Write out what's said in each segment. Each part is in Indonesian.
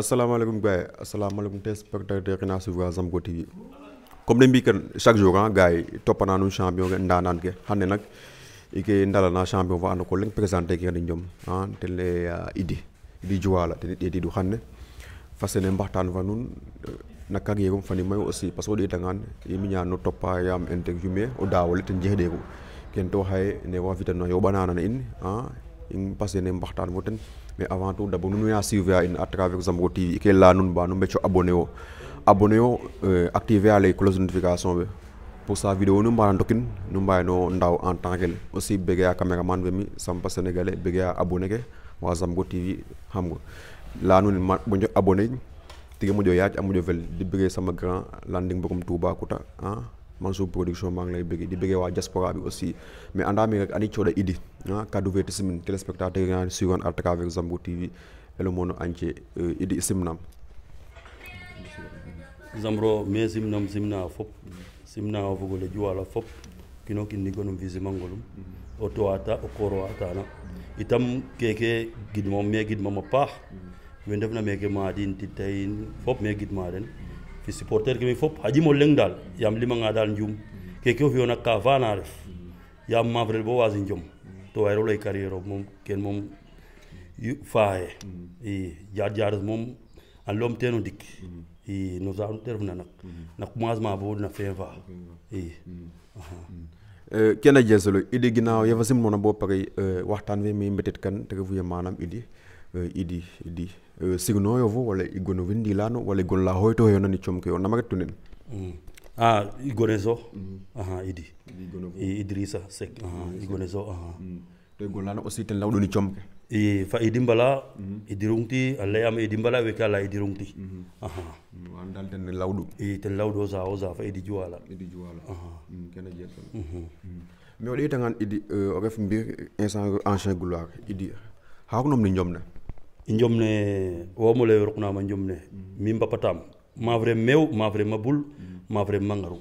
asalaamaaleykum gars yi asalaamaaleykum téléspectateurs yi naa suivre Zambro TV comme ne mbi kan chaque jour ah gars yi toppanaanu champion ke ndaanaan ke hanne nag ike ndalana champion fa ando ko leng présenté ke kadi joom a ah, ten le ah, idi idi jowala ten i ɗeetiidu hanne mbaxtaan fa nuun euh, na carrière um fani mayu aussi parce que o i miña no toppa yaam interview me o daawole ten jexɗee ko ken to xaye ne wa fitan no yoɓananan in a ah, i passer ne mbaxtaan fo ten mais avant tout d'abord nous nous suivre a in à travers Zambro TV i ke leya nous mba nu mbeco abonné o abonné o euh, activer les cloches de notification pour sa vidéo nu mbana ndokin nu mbayano ndaw en temps kene aussi bege a caméraman fe mi sampa sénégalais bege abonné que wa Zambro TV hamgo là nous nuun ma moƴo abonné tige moƴo yaaj a moƴo fel di bege sama grand landing bogum Toubacouta hein Mansour production mang ngi lay bëggee di bëggee waa diaspora bi aussi mais en ami rek ani cooda idi ah kaddu vérité simin téléspectateur yaa suivant à travers eh, Zambro TV et le monde entier idi simnam Zambro mais simnam simna fop simna o fogole juwala fop kino kin nigonum visi mangolum o ata, o koro atana itam keke gidmom me gidmama paax we ndefna meke maadin titayin fop me gidma den fi supporter keɓe fop ha ƴimol leng dal yam limaga dal njum keke o fiyona ka fana ref yam mafrel bo wasi jom to wayro ley carriére o moom ken moom faaxe mm. i jaar jaares moom an lom teno ndik mm. i no saaxum te refna nak mm. na commencement bo na fin fa i eh, kene a jel solo idi ginaaw yefa simnona bo pare eh, waxtan fe mi mbetet kan te refu ye manam idi Eh, idi iɗi iɗi eh, signoyo fof walla igone windi lano walla igol lahoyto heyo nani comke o namagat tunen a igones o aha idi idrissa sek igones o aha to mm. igol lano aussi mm-hmm. mm-hmm. mm, ten lawɗoni comke e fa idi mbala idi rungti a leyama idi mbala weke a idi rungti an dal ten lawɗu e ten lawɗu o sa o sa fa idi juwala idi juwala kene jeetan mais o ɗetangan idi o ref mbi instant ancien gloire idi haaknom ne jomna njomne womole roknama njomne min ma vre mew vre mabul vre mangaru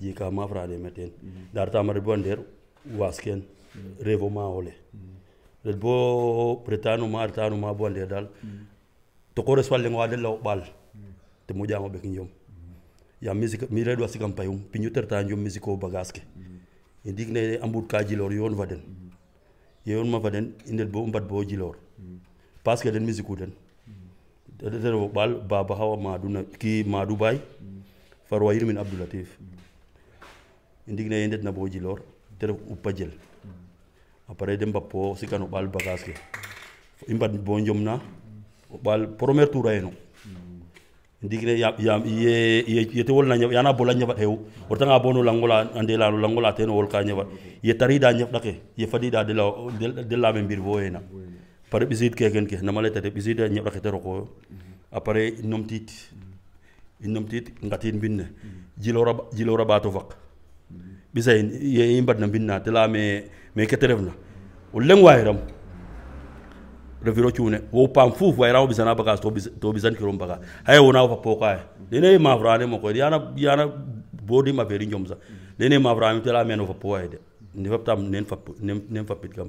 jika de meten dartama red bon der wasken revo ma ole red bo ma artanu ma bon der dal to ko reswalle ngwade lo bal te jamo be njom ya music mi do sikam payum pinyu terta njom musico bagaske bagaske ne ambut ka jilor yon vaden yon ma vaden indel bo mbat bo jilor parce que den musique den hmm. den wo bal baba hawa maduna ki madu bay hmm. farwa yirmin hmm. indi indigna yendet na boji lor der uppa jel après dem si sikano bal bagage imba imbad bo jomna bal premier tour ayno ndigre ya ya ye ye te wol na yana bola nyaba hew warta nga bonu langola ande la langola no wol ka nyaba ye tari da nyaba dake ye fadi da de la de la même bir boyena pare ɓisid keken ke nama leyta de ɓisida ñeɓra xe te roqoyo après i numtiid i numtiid ngatin mbin ne jilora jilora ɓaato faq ɓisa ye i mbadna mbin na te leyaame mais kete refna o leng wayiram refiro cuune wo paam fuuf wayiramo ɓisana bagage to ɓisankirom bagage haye wona wo fa pookaye dene e mafrane mo koy yana yana bodim affaire i njom sa dene e maframi te leya meen o fa powaye de ne faptam nen fap nen fapit kam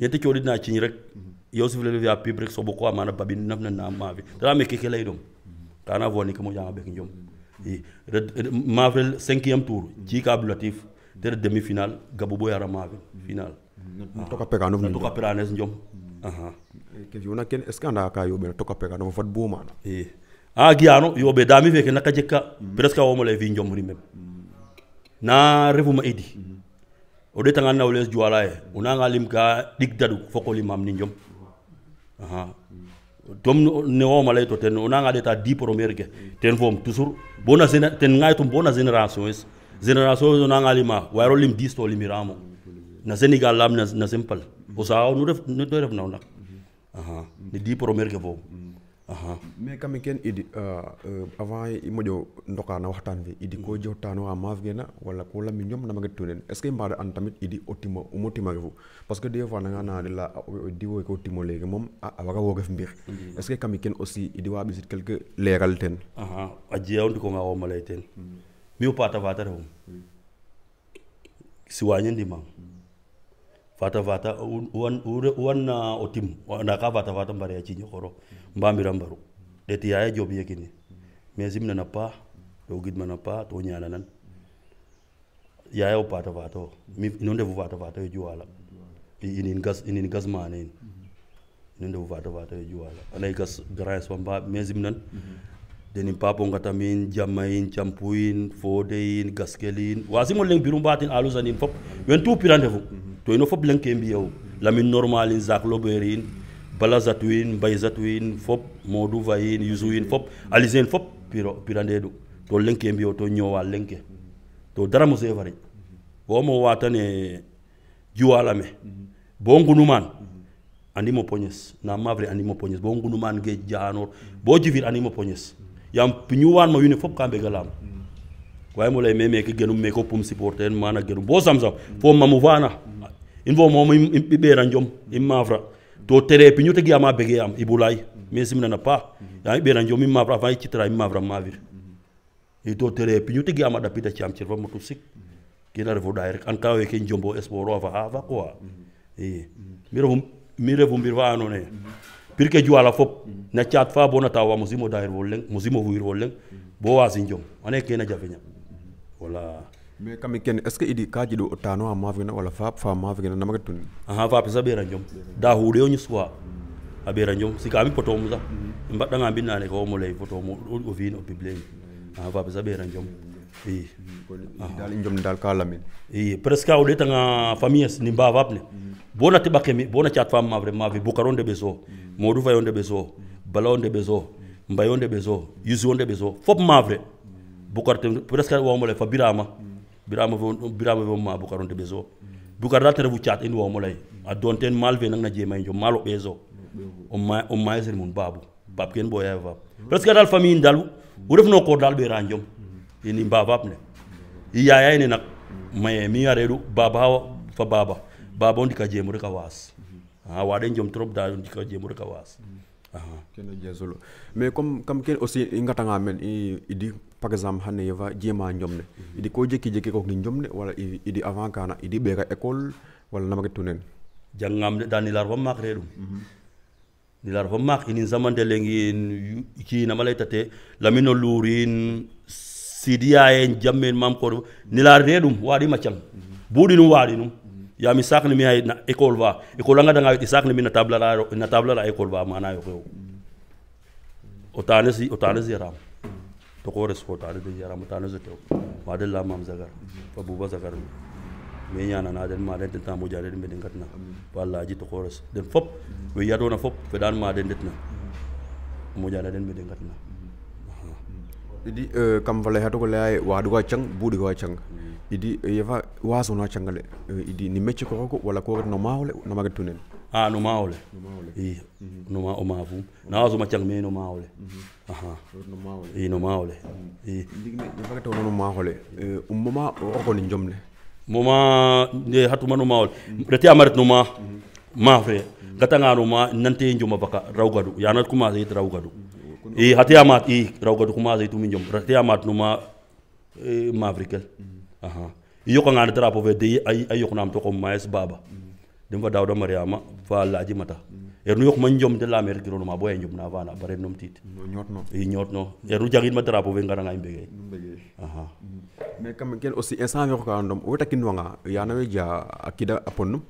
yete kyoli na chinyi rek yow si vilele vya pib rek sobo kwa mana babin naf na na mavi tara me keke lay dom kana voni kamo jama bek njom mavrel 5e tour ci ka te ret demi final gabu boyara mavi final toka peka no toka peranes njom aha uh-huh. ke yona ken eskanda ka yobe toka peka no fat bo mana ah, a giano yobe dami veke nakajeka presque wo mo lay fi njom ri na refuma idi mm -hmm o de tanga nawles juwala ye o nanga lim ka dik dadu foko lim am ninjom aha tom ne o malay to ten o nanga de ta 10 premier ke ten fom toujours bona ten ngay tum bona generation is generation o nanga lima wayro lim 10 to limiramo na senegal lam na simple o sa nu def no def nawna aha ni 10 premier ke fom Aha. mais kami ken idi uh, ah, uh, ah, avant moƴo dokana waxtan fe idi mm. ko jewtano ha mafgena wala ko lami ñom namaga tunen est ce que mbaɗa an tamit idi ah, o umotima umo timage fo parce que des fois nanga naade la diwo ko timo legi mom a, a waga wogef mbir mm -hmm. est ce que kami ken aussi idi wa ɓisit quelque leeral ten aha a jeyawnti ko nga woma ten mm. mi o pata fata refum mm. siwañe ndimam fata fata wan o tim na ka fata fata mbare a ya xoro mbamiran baru deti yaye job yekini mezi simnana paax to gidmana paax to ñananan yaya o pata fata o mi ino vato fata ya fata inin gas inin gas mane ya in ino ndefu vato fata yo juwala anay gas grand so mba mais simnan denin papo ngatamin jammayin campuyin fodeyin gaskelin wasimo leng birum batin alusanin fop wen tu vu mhm. to ino fop leng kembiyew ya lamin normalin zakloberin mm -hmm. balasatu in mbaysatu in fop modouva in yusu in fop alise in fop pirande ɗum to ke mbiyo to ñowa ke to dara mo sefari womo watane juwala me bo ngunuman andimo poñes na mavre andimo poñes bo ngunuman ge jahanor bo jivir andimo poñes yam piñuwanma fop ka mbega lam wawi mo lay me meke genum me ko pum supporter en mana genum bo sam sam fo mamu vana in fo momo im ɓiɓɓera joom im mavra to tere pinyo te giama bege am ibulai mesi mina na pa ya be ranjo mi ma pra vai chitra mi ma pra ma vir e to tere pinyo te giama da pita cham chirva motu sik kila revo direct an kawe ke njombo esporo ava hava kwa e mire vum mire vum birva anone pirke ju ala fop na chat fa bona tawa muzimo dair volen muzimo vuir volen bo azinjom ane kena javenya wala mais kami kene est ce que idi ka jiɗo o tano ha wala fap fa fa na namaga tuni ahan fape sa ɓeera joom da huuɗe o ñusuwa a ɓeera joom si kami potomu sa ɓe mbaɗɗanga mbinnane ko omo ley potomu o fiino publié ahan fape sa ɓeera joom i dal jom dal ka lamin i presque a o ɗetanga famille ni mbavab ne bona teɓake mi bona cat fa mavre mave bukaro nde ɓe so modou fayo nde ɓe so balao nde ɓe so mbayo nde ɓe so yusuo nde ɓe so fop mavre bukar te presque wawmole fa birama birama fo birama fo ma bukar on tebezo bukar da tere bu chat en wo molay a donten malve nang na jema jo malo bezo o ma o ma zer mun babu bab ken boya fap parce que dal famille dalu o ref no ko dal be ranjom en mba fap ne i ya ne nak maye mi yare du baba fa baba baba on dika jemu rek was ha waden jom trop da on dika jemu rek a waas kene jesolo mais comme comme kene aussi i ngatanga men i, i par exemple hande yeva jema jomde mhm. iɗi ko jekki jekki ko ndi jomde walla iɗi avant kana iɗi beka école wala namake tunen jangam de lar nilar mak redum mhm. re lar nilar mak ini inin de lengi malay tate lamino luurin sidia en jamme mam ko nilar re ɗum macham maccal mhm. buuɗi wadi nu ya yami sakni mi ay école va école anga danga sakni mi na table la na table la école va mana yo ko Otanesi, otanesi si otane ram tokore sport ari di jara mutanu zote tew ma de mam zagar fa buba zagar me nyana na den ma den den tamu jare den beden katna wala ji tokore den fop we yado na fop fe dan ma den detna mo jare den beden katna idi kam vale hato ko lay wadu ga chang budi ga chang idi yeva waso na changale idi eh, ni mechi ko wala ko no mawle na magatunen a ah, no maole i no ma mm-hmm. o mavu na wazo me no maole mm-hmm. aha no maole i no maole mm-hmm. i ndigne nafaka to no maole eh, um mama o ko ni njomle mama ne hatuma no maole rete amaret no ma ma fre gata nga no ma nante njoma baka rawgadu yana kuma zai rawgadu i hati amat i rawgadu kuma zai tumi njom rete amat no ma eh, mavrikel aha i ko ngana drapo ve de ay ay yoknam to ko maes baba mm -hmm. dimfa dawda mariama fa laaji mata ernu mm. yok man jom de mer ki ronuma boye jom na vana bare nom tit ñot no er nu jangin ma drapeau ve ngara ngay mbege aha mm. mais kam ken aussi instant yok ka ndom o takin wanga ya we ja akida aponnum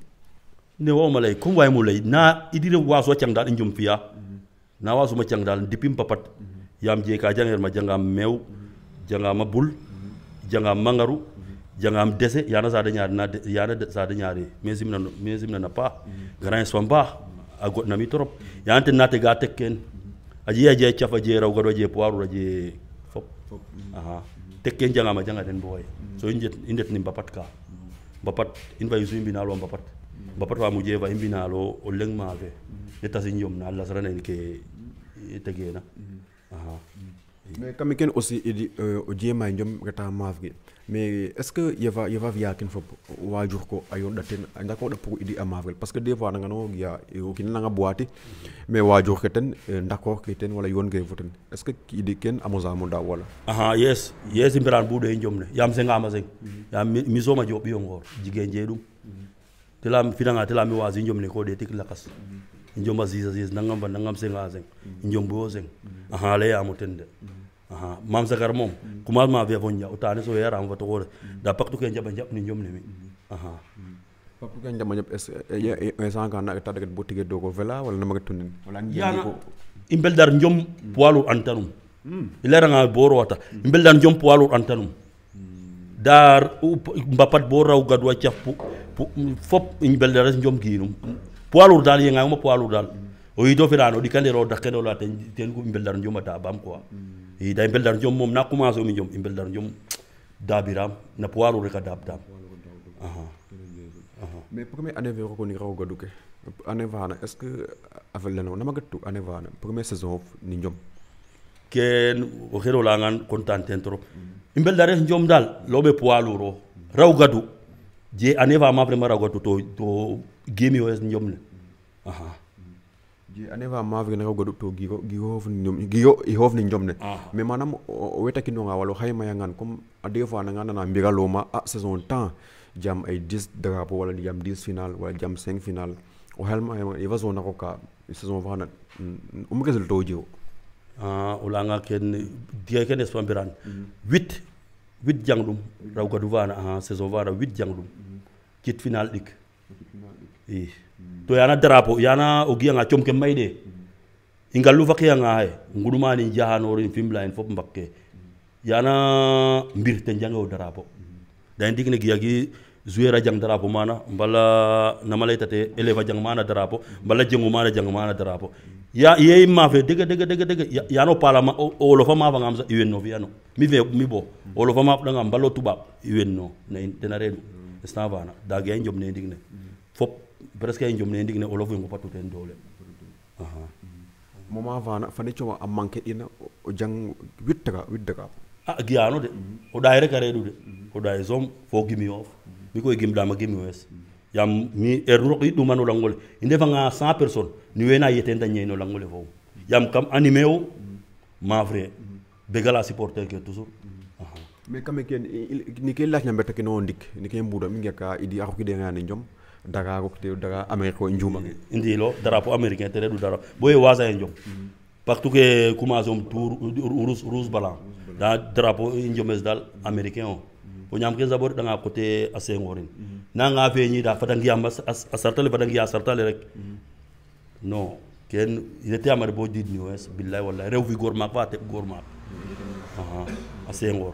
ne wo malay kum way mu lay na idire so cang dal njum fiya na so ma cang dal dipim papat mm-hmm. yam je ka janger ma janga mew mm-hmm. janga ma bul mm-hmm. janga mangaru jangam dese yana zade nyari na yana zade nyari mezim na mezim na napa garan swamba agot na mitorop yante te ga tekken aji aji chafa je raw gado je poaru aji fop aha jangan jangama janga den boy so injet injet nim bapat ka bapat in yuzu imbi na lo bapat bapat wa muje va imbi na lo oleng ma ve sin nyom na allah na ke tegena mais comme ken aussi idi o jeema jom gata maafge mais est ce que va yewa va ken fop waajur ko ayo ɗaten dako ɗa pour idi a maafgel parce que des fois nangano ya o kina nanga boati mais waajur keten ten euh, d'accord ke ten wala yon ke fo ten est ce que idi ken a wala aha yes yes i boude ɓuuɗo ne yaam sengama seng yaam mi sooma jooɓiyo ngoor jigee jeeɗum te laam finanga te laam mi ne ko ɗeetik lakas la a sis a sis nangam fa nangam seng seng aha layamo ten aha mam zakar mom kuma ma via vonya utane so yara am fatore da paktu ke njaba njab ni nyom ne aha paktu ke njaba Ya, es e sanga na ta dagat botige dogo vela wala namaga tunin wala ngi ko imbel dar nyom poalu antanum ilera nga boro wata imbel dar nyom poalu antanum dar mbapat bo raw gadwa ciap fop imbel dar nyom ginum poalu dal yenga ma poalu dal o yido firano dikandero dakeno la ten ten ko imbel dar ñom ta bam quoi da belɗan joom moom na commencé omi joom i belɗan joom daabiram na le reka daabdaam mais premier année fe rokoni raw gadu année fana est ce que a fellano nama gattu année fana premier saison of ni joom ken o xero langan content ten trop i mbelda res d'al daal looɓe poids raw gadu je année fa ma vraiment raw gadu to to gemi o es le aha aneva mave gena godo to gigo gigo nyom gigo ihov ni nyomne me manam o weta kinonga walo hayma yangan comme adefa na ngana na mbiga loma a saison temps jam ay 10 drapo wala jam 10 final wala jam 5 final o helma eva e zona ko ka e saison vana mm, umgezel to jiwo uh, ulanga ken dia ken es pambiran huit mm-hmm. huit jangdum raw gadu vana uh, saison vana huit jangdum mm-hmm. kit final dik i to yana darapo yana ogia nga chomke maide inga luva ke ya nga hay nguruma ni jahano rin fimbla en fop mbakke yana mbir jange o da indik digne giagi zuera jang darapo mana mbala namalaita te eleva jang mana darapo mbala jengu mana jang mana darapo ya ye mafe dege dege dege dege ya, yano pala ma o lo fama fa ngamza iwenno viano mi ve mi bo o lo fama danga mbalo tuba iwenno na intenarenu stavana dage enjom ne digne fop presque jomne nding ne olof yengo patu ten dole aha moma vana fane coma a manqué ina o jang wit daga a ah, giyano de o ɗay rek a reeɗu de o ɗay som fo gimi of mi koye dama gimi wes yam mi er rok i ɗuman langole i vanga cent personne ni wena yeten ta ñeyno langole fof yam kam animé o mafre begala supporter ke toujours mais kame ken ni ke laajna mbetta kene o ndik ni ke mbuuɗa mi ngeka idi axokidengayane daga ko te daga america ko njuma mm. indi lo drapeau américain te du dara boy waza en ya jom partout que commence on tour rouge rouge blanc da drapeau njomes dal américain on o ñam mm. ke zabor da nga côté asengorin mm. na nga fe ñi da fatangi am asartale fatangi asartale rek non ken yete amar bo did ni wes billahi wallahi rew fi gor mak fa te gor mak asengor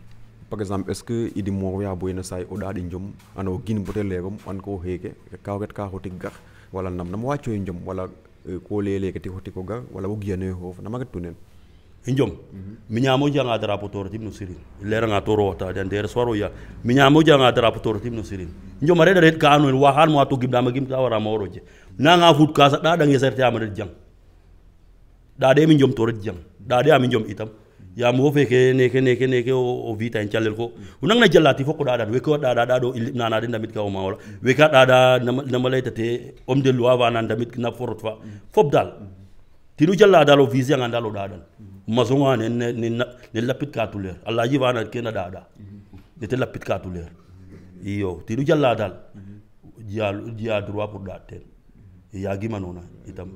par exemple est ce que idi mo ya boyna say o daadi njom ano gin bute legum an ko heke wet ka hoti gar wala nam nam waccoy njom wala ko lele ke ti hoti ko gar wala wo giyane hof namaga tunen njom miñamo janga drapo tim no sirin lera nga toro wata den der swaro ya miñamo janga drapo tim no sirin njom re da ka anu wa han mo to gibda gim ta wara moro je na nga fut sa da amade jang da de mi njom toro jang da de am njom itam ya mo fe ke ne ke ne ke ne ke o, o vita en chalel ko unang na jallati foko dada we ko dada dado nana den damit ka o mawla we ka dada na ma namalay tete om de loi va nan damit na forot fa fop dal ti tidu jalla dalo visa nga dalo dada dadan mazonga ne ne ne lapit ka tuler allah ji wana ke na dada ne te lapit ka tuler iyo tidu jalla dal ya ya droit pour dater ya gimanona itam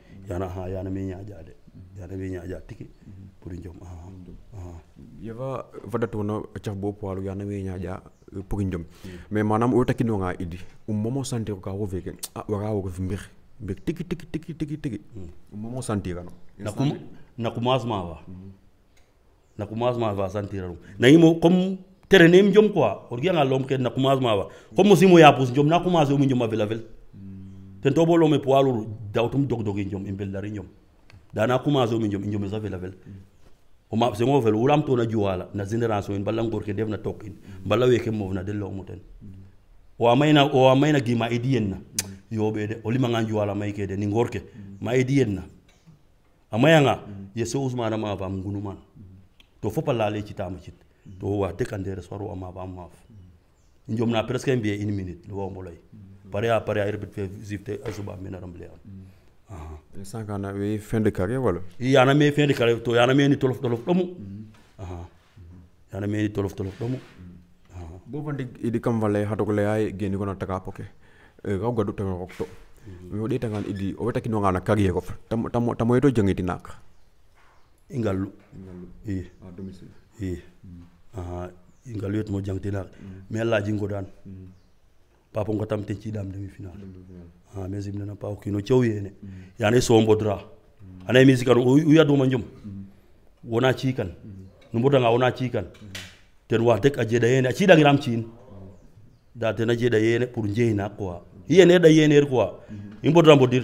yana ha yana yana ñaƴa de yana puri ñaƴa tigi pour yeva vada fadatona caf bo poalu yana minya ñaƴa pour njom mais manam kino nga idi um momo sentir ka wo feke a waga wogof mbir be tigi tigi tigi tigi tigi um momo sentirano na commencement fa na commencement fa ra na comme kom terenem njom quoi o riganga lom ke na commencement fa comme osimo pus njom na commencé njom ma vela vela ten to bo lome poids lourd dawtum dog dogi jom imbel dari jom dana kuma zo mi e jom safel afel o ma se mo fel wuram to na juwala na generation in balang gorke devna tokin balla weke mofna de lo muten o amaina o amaina gi ma idienna yo be de o limagan juwala de ni gorke ma idienna amaya nga yeso usmana ma ba ngunuma to fopa ci citama ci to wa dekandere soaro ama bam maf na presque mbi une minute lo mo wawmbolay pare à pare à répétitivité à zuba mina ramble mm. iya, ya san kana we fin de carré wala yana me fin de carré to yana me ni tolof tolof domu mm. aha yana me ni tolof tolof domu mm. bo bandi idi kam valle hatogole ay geni gona taka poke e eh, ga gadu tan okto mi mm-hmm. wodi tangan idi o weta kino ngana carrière ko tam tam tam to jangiti nak ingalu ingalu e iya. i ah, domicile iya. e aha ingalu et mo jangti nak mais la jingo dan mm -hmm papa ngotam te ciɗam demi final ha mais im nana pa o kino cew yene mm. so sombodra mm. ana mi sikan o yaduma jom mm. wona cikan no nga wona cikan ten wax deg a jeeda yene a ciɗangiram ciin da tena jeeda yene pour njeyna quoi yene da er quoi i mbodra mbodir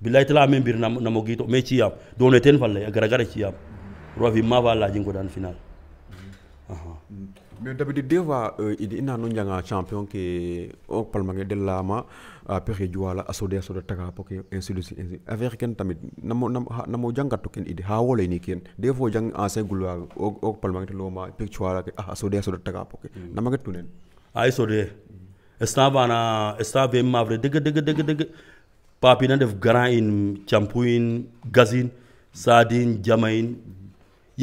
bilai tala me bir namo giito mais ciyam doone ten falle a gara gara ciyam roi fi ma fa lajin final aha mais d'habitude des fois idi ina no janga champion ke o palmange de lama a pexi juwala a sode a soda taga po ke ainsi de suite affaire ken tamit namo namo jangatu ken idi ha wole ni ken des fois jang ancien ah, gulwa o palmange de loma pek juwala ke a ah, sode a soda taga po ke mm. namaga tunen ay sode sta bana sta be mavre deg deg deg deg papi na def grand in champuin gazin sadin jamain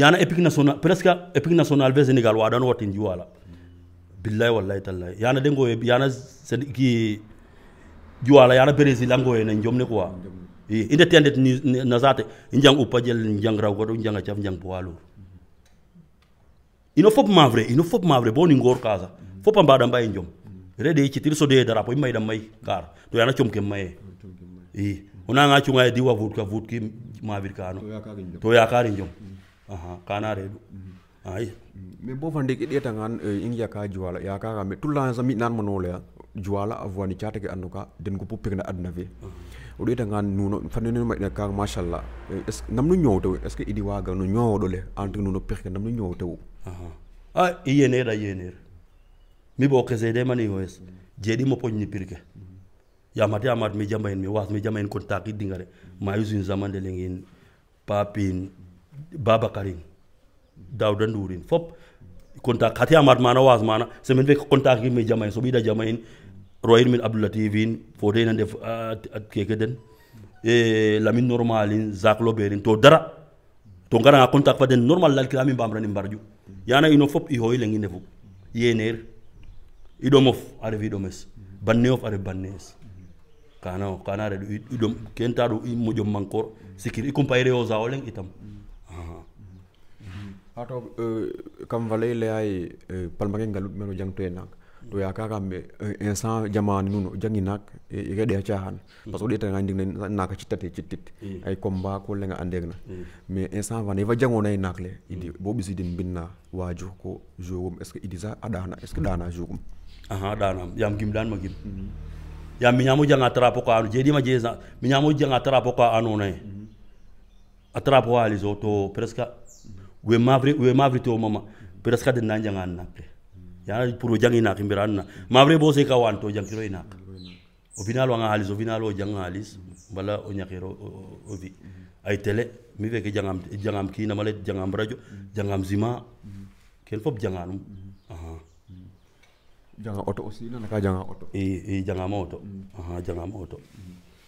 yana epic national presque epic national be senegal wa dan wotin ji wala billahi wallahi tallahi yana dengo yana ki ji yana brésil ango en jomne quoi inde tendet nazate njang upa jel njang raw godo njang chaf njang poalo ino fop mavre ino fop mavre boni ngor kaza fop ambada mbay njom rede ci tir so de darapo may dam may kar to yana chomke may i ona nga chunga di wa vut ka vut ki mavir kano to yakari njom aha kana redu mm-hmm. ai mm-hmm. me bo fande ke dieta ngan eh, in ya ka juwala ya me tulla sa mi nan monole ya juwala avwani chata ke anuka den ko pupik na adna ve o dieta ngan nuno fande nuno ma ka mashallah eh, es nam nu nyowto es ke idi waga nu nyowodo le entre nuno pirke nam nu nyowto aha a iyene da yener mi bo ke zede mani hoes mm-hmm. jedi mo ponni pirke yamate amat mi jamain mi was mi jamain kontak dingare ma yusin zaman lengin papin Babakarin, Daudan Durin, fop kontak khati amat mana was mana semen vek kontak gi me jamain so bida jamain royir min abdul latifin fode nan def ah, at keke den e lamin normalin zaklo berin to dara to ngara kontak fa den normal lal kilami bamra ni mbarju yana ino fop i hoyle ngi nefu yener idomof arif idomes. banneof arif bannes kana kana re idom kenta do i mujom mankor sikir i kumpayre o itam mm -hmm. hato uh, eh, kam valay le ay uh, eh, palmage ngalut meno jangtoy nak to yakakaɓe instant eh, jamani nuno jangi nak ike ɗeya cahan hmm. par ce que o ɗeta ndin naka cittate citit hmm. ay komba ko lenga andegna mais hmm. instant vana iva jangonayi nakle idi bo ɓisidin mbinna waju ko jogum est ce que idisa a ɗana est ce que ɗana jogum aha ɗanam yam gim ɗanma gim yam miñamo janga trapo ko anu jeeɗima jeesa miñamo janga trapo ko anonayi a trapo haaliso to presque we mavri we mavri to mama peras ka den nanja ngan nape ya puro jangi nak imbiran na mavri bo se ka to jang kiro inak o final wanga halis o final o jang halis bala o nyakiro o vi ay tele mi veke jangam jangam ki na malet jangam radio jangam zima ken fop janganum aha janga auto aussi na naka janga auto e e aha janga moto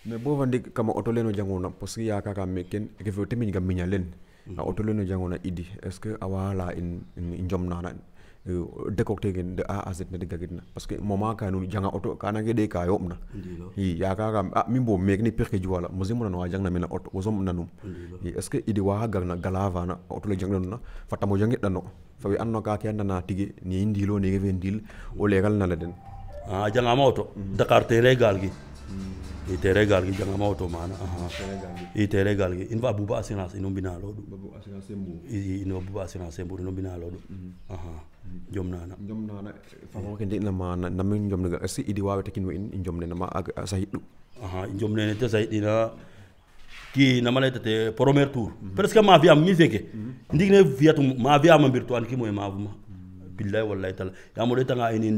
mais bo vandi kama auto leno jangona parce que ya kaka me ken ke fo temi ngam minyalen na auto lene jangona idi est ce que awala in in jomnana e, décocté gen de a a z ne na parce que moment ka nu janga auto na ge de ka yomna hi ya ka kam a mi bo mek ni perke juwala mo zimona no jangna mena auto na zom nanum est ce que idi wa gagna galava na auto le jangna na fatamo mo na dano fa wi no ka ke na tigi ni ndilo ni ge vendil o legal na la den a janga ma auto dakar te legal gi itere galgi janga ma oto mana itere galgi in va buba asin ino bina lodo buba assurance mbu ino buba bina lodo mhm. aha jom nana jom nana fa mo kende na mana na min jom daga si idi wawe takin in jom nena ma sahiddu aha jom nena te ina. ki namala tete premier tour mhm. presque ma fi am mi feke mhm. ndigne tu ma fi am mbirtu an ki moy ma billahi wallahi tal ya mo tanga inin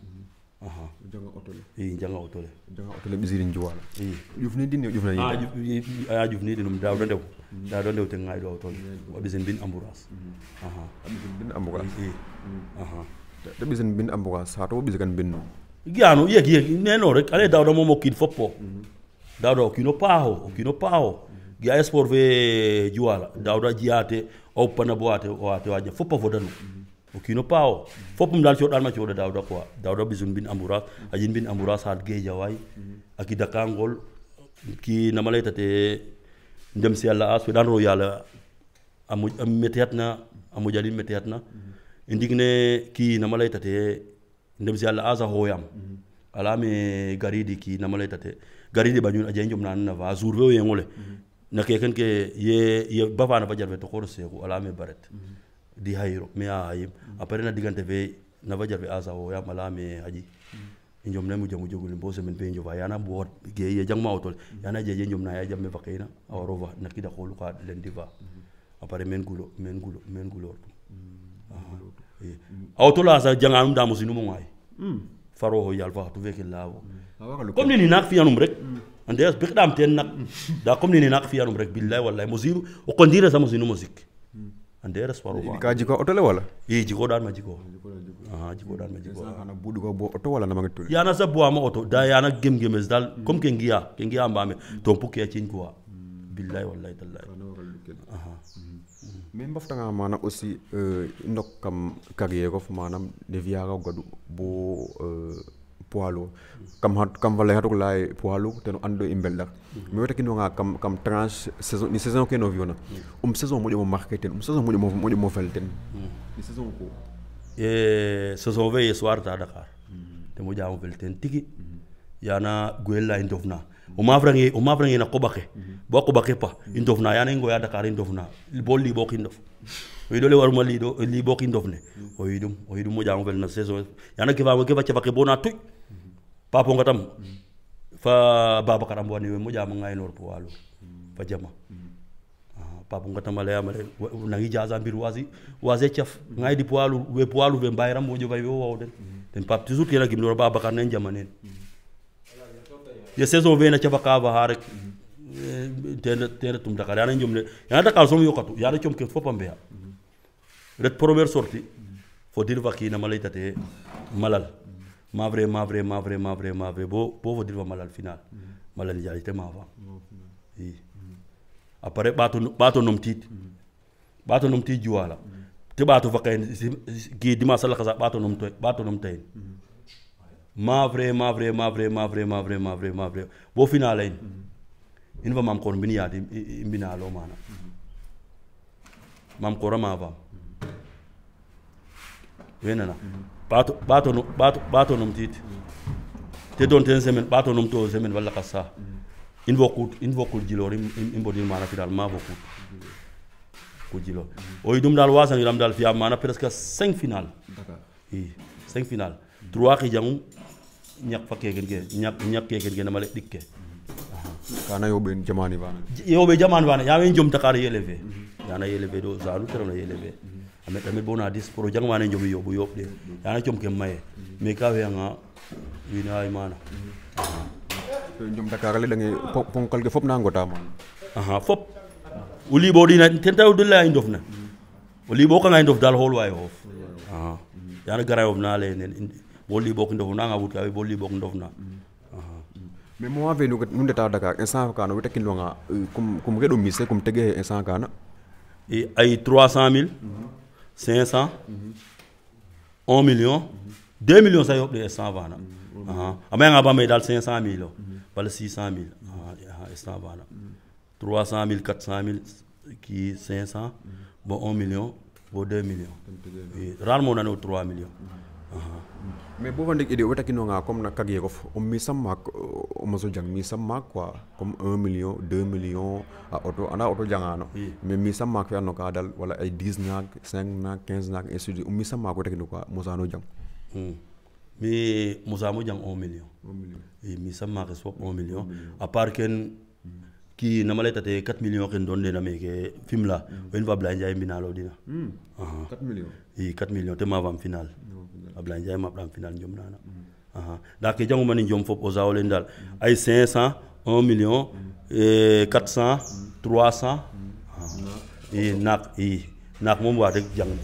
aha janga otole i janga otole janga otole bisiri njuwala i yufni din yufna yi a ah, ah, yufni din da do ndew mm-hmm. da do ndew te ngai do otole wa bisin bin amburas mm-hmm. aha bisin bin amburas i mm-hmm. aha da bisin bin amburas ha to bisikan bin giano yek yek neno rek ale da do momo kin foppo da do kino paho kino paho gi a sport ve juwala da do jiate o pana boate o ate waje foppo vodanu mm -hmm o kiino paawo fop um ma cooɗaanma cooɗa daawda quoi daawda bisum mbin ambourage a yin mbin ambourage haad geejawaay a kida ka ngool ki nama layta te ndem si yàlla amu fe daan ro yàlla a moj ne ki nama layta te ndem si yàlla as a ki nama layta te gariidi bañun a jee njom na na fa jour fe na keken ke ye ye bafana na bajar fe to xor seeku baret di hayro me ayi hayim na na diggante na vaja be asa o ya mala me haji injom ne mu jamu bose bo be pe injova yana bo ge ye jang mawtol yana je je injom ya na ya jamme fakina na nakida kholu ka len diva apare men gulo men gulo men gulo eh. awtola sa janganum da musinu mo ngai hmm. faro ho yalfa tu ke lawo comme hmm. ni nak fi anum rek hmm. andes bikdam ten nak da comme ni nak fi anum rek billahi wallahi muziru o kondira sa musinu muzik ndera swaro ba jiko oto le wala i eh, jiko dan ma jiko aha jiko dan ma ana budu bo auto wala na ma tole yana sa bo oto da yana gem gemes daal dal kom ke ngia ke ngia amba me to puke ya cin kuwa hmm. billahi wallahi tallahi aha me hmm. mbafta mana aussi eh, ndok kam kagiyego fu manam deviaga godu bo eh, poalo kam hat kam wala hatok lay poalo teno ando e mbelda mi mm-hmm. wota kino nga kam kam trans saison ni saison ke no viona mm-hmm. um saison mo um mo marqué ten um saison mo mo mo mo fel ten mm-hmm. ni saison ko e saison ve e soir ta dakar te mo jaam fel ten tigi yana guella indofna o um mafrange o um mafrange na kobake bo kobake pa indofna yana ngo ya dakar indofna bo li bo kindof o yiɗo le li liɗo li bo kindofne o yiɗum o yiɗum mo jaam fel na saison yana ke famo ke facce bona tuy papo ngatam fa babacar ambwani we moƴa ma nor po waalo fa jama papo ngatam ala leyama na ngi jaza mbir wasi wase caf ngaydi poilu we poilu fe mbayram woƴo fay wo waw den ten pape toujours gim nor babacar nen jama nen ye saison fe na cafa kava ha rek tena tum dakar yana jomne yana dakar som yokatu yana com ke fopa mbeya ret premier sortie fo dir vakina malaitate leytate malal mavre mavre mavre mavre mavre bo mm. ma vrai, mm, mm. ma vrai. mal al final. Mal al final, était ma Oui. Après, bato nom tit. Bato nom tit juala. Te bato vakain, qui dimanche la casa, bato nom tit, bato nom tit. mavre mavre mavre mavre mavre mavre mavre bo ma vrai, ma vrai, ma vrai. Beau final, hein. Il va m'amcon bini yadi, bini alo mana. M'amcora ma va. Venana. Mm -hmm. ɓato ɓatono ɓato ɓatonom tiiti te don ten semaine ɓatonom to semaine walla kas sa in fo kuut in fo kuut jiloor i mbodin mana fi dal ma fo kuut ku jiloor o yidum ɗum dal wasaniram dal fiya mana presque 5 final i 5 final trois xijangum ñak fa keken ke ñak ñak keken ke namale ɗik ke kana yoɓe jamani fana yoɓe jamani fana yamen jom takara yelevé yana yelevé do sanu terana yelevé amet amet bona dis pro jang mane jomi yobu yobde yana chom kem maye me ka we nga wina ay mana jom dakar le dangi ponkal ge fop na ngota man aha fop uli bo dina tenta udulla ay ndofna uli bo ka ngay ndof dal hol way hof aha yana garay of na le nen bo li bo ko ndof na nga wut ka bo li bo ko ndof na mais moi venu nu ndeta dakar instant kana wita kilwa nga kum kum gedo mise kum tege instant kana e, ay 300000 500 1 million 2 millions, ça y est, 100 500 000, pas 600 000, 300 000, 400 000, qui 500 mm-hmm. bon 1 million 2 millions. rarement on a 3 millions. Mm-hmm. mais boo fa ndek idée o wetaki comme na kag yegof o misam maak o moso jang misa maak quoi comme 1 million 2 million a auto anda auto jangano mais misa maak fe ano ka dal wala ay 10 naak 5 naak 15 naak ainsi suite o misam maak wetaki no quoi mosano jang mais hmm. mosamo jang 1 million 1 million i misam maak e 1 million à part ken ki namaleta te 4 millions ken don dena meke film la mm. wen fa Ablaye Ndiaye dina mm. uh -huh. 4 millions i 4 millions te mavam final no, Ablaye Ndiaye mapɗam final jom nana mm. uh -huh. da ke jangumani jom fop o sawolen dal mm. ay 500 1 million mm. 400 e, mm. 300 mm. Uh -huh. i nak i nak mom wa rek jang